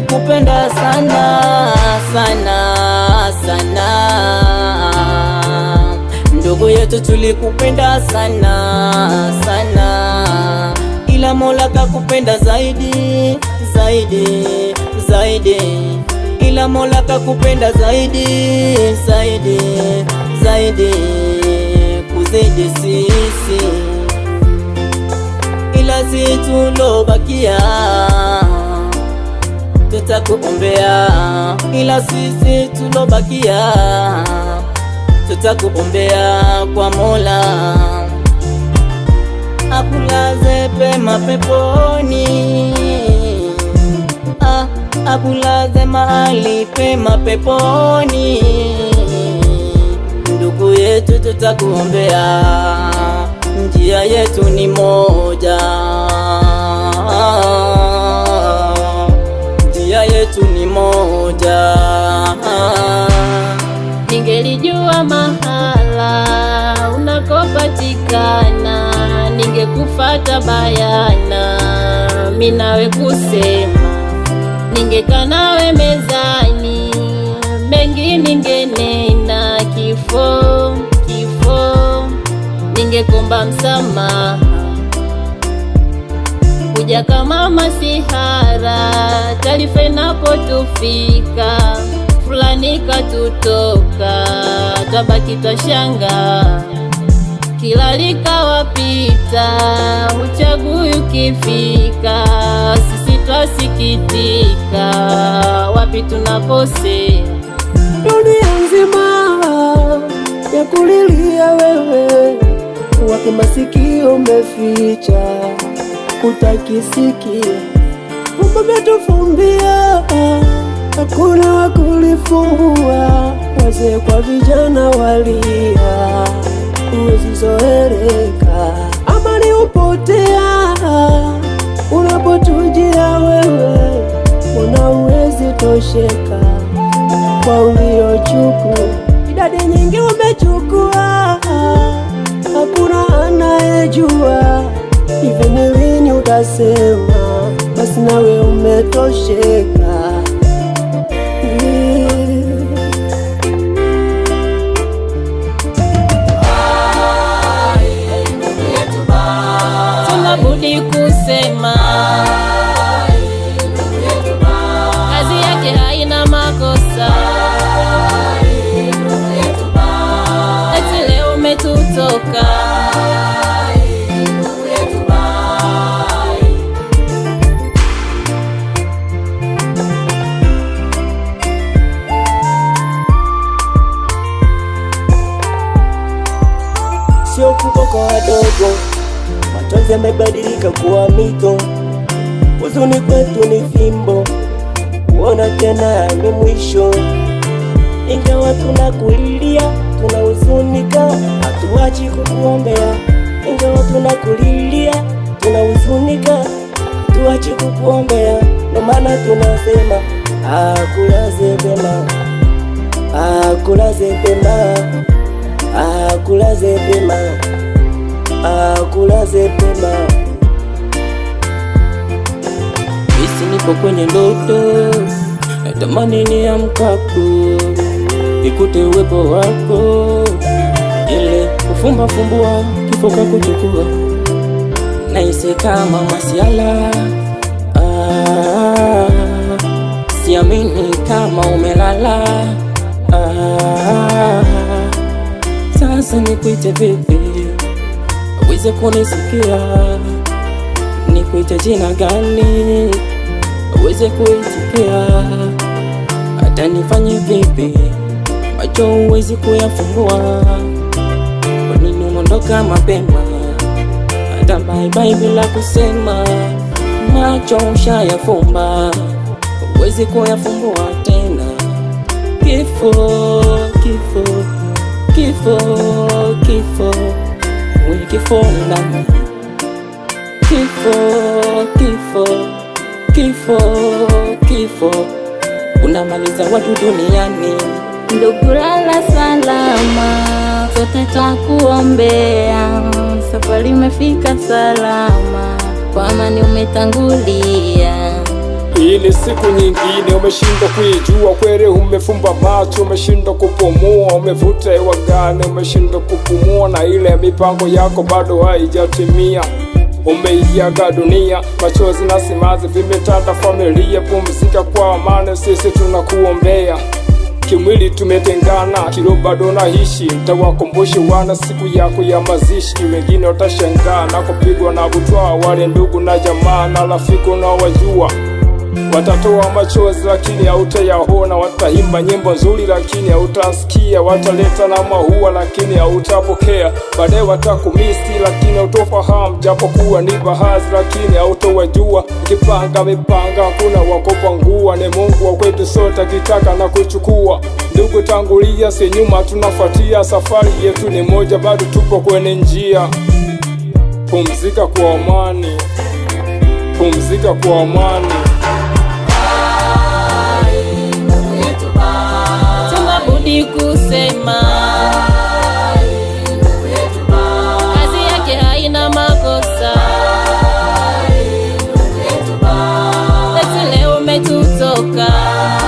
nilikupenda sana sana sana, ndugu yetu, tulikupenda sana sana, ila Mola kakupenda zaidi zaidi zaidi, ila Mola kakupenda zaidi zaidi zaidi kuzidi sisi, ila situlobakia tutakuombea, ila sisi tulobakia tutakuombea kwa Mola akulaze pema peponi, ah, akulaze mahali pema peponi, ndugu yetu tutakuombea, njia yetu ni moja. Ningelijua mahala unakopatikana, ningekufata bayana, Minawe kusema, ningekaa nawe mezani, mengi ningenena, kifo kifo, ningekomba msamaha ya kama masihara, taarifa inapotufika fulani katutoka, twabaki twashanga, kila likawapita, uchaguzi ukifika sisi twasikitika, wapi tunakosea dunia nzima ya kulilia wewe, wake masikio umeficha utakisikia. Mungu hakuna wakulifungua kulifungua, wazee kwa vijana walia, uwezizoereka Amani upotea unapotujia wewe, una uwezi tosheka kwa uliochukua, idadi nyingi umechukua, hakuna anayejua hivi nikasema basi nawe umetosheka mapenzi yamebadilika kuwa mito, huzuni kwetu ni fimbo, kuona tena ni mwisho. Ingawa tunakulilia tunahuzunika, hatuachi kukuombea. Ingawa tunakulilia tunahuzunika, hatuachi kukuombea. ndo maana tunasema akulaze pema, akulaze pema, akulaze pema akulaze pema. Hisi nipo kwenye ndoto, natamani ni amkapo nikute uwepo wako, ile kufumba fumbua kifo kwa kuchukua, naise kama masiala ah, siamini kama umelala ah, sasa nikuite vipi? uweze kunisikia, nikuite jina gani uweze kuitikia, hata nifanye vipi macho uwezi kuyafumbua, kwa nini umondoka mapema, hata bye bye bila kusema, macho ushayafumba uwezi kuyafumbua tena, kifo kifo kifo kifo kifo ndani, kifo kifo kifo kifo unamaliza watu duniani. Ndugu lala salama, sote twakuombea, safari imefika salama, kwa amani umetangulia. Hii ni siku nyingine, umeshindwa kuijua kweli, umefumba macho, umeshindwa kupumua, umevuta hewa gani, umeshindwa kupumua, na ile mipango yako bado haijatimia. Umeiaga dunia, machozi na simanzi vimetanda familia. Pumzika kwa amani, sisi tunakuombea. Kimwili tumetengana, kilo bado naishi. Nitawakumbusha wana siku yako ya mazishi. Wengine watashangaa na kupigwa na butwaa, wale ndugu na jamaa na rafiki na wajua Watatoa machozi lakini hautayaona, wataimba nyimbo nzuri lakini hautasikia, wataleta na maua lakini hautapokea. Baadaye watakumisi lakini hautofahamu, japokuwa ni bahazi lakini hautowajua. kipanga mipanga hakuna wakopa ngua, ni Mungu wa kwetu sote akitaka na kuchukua. Ndugu tangulia, si nyuma tunafuatia, safari yetu ni moja, bado tupo kwenye njia. Pumzika kwa amani, pumzika kwa amani. God.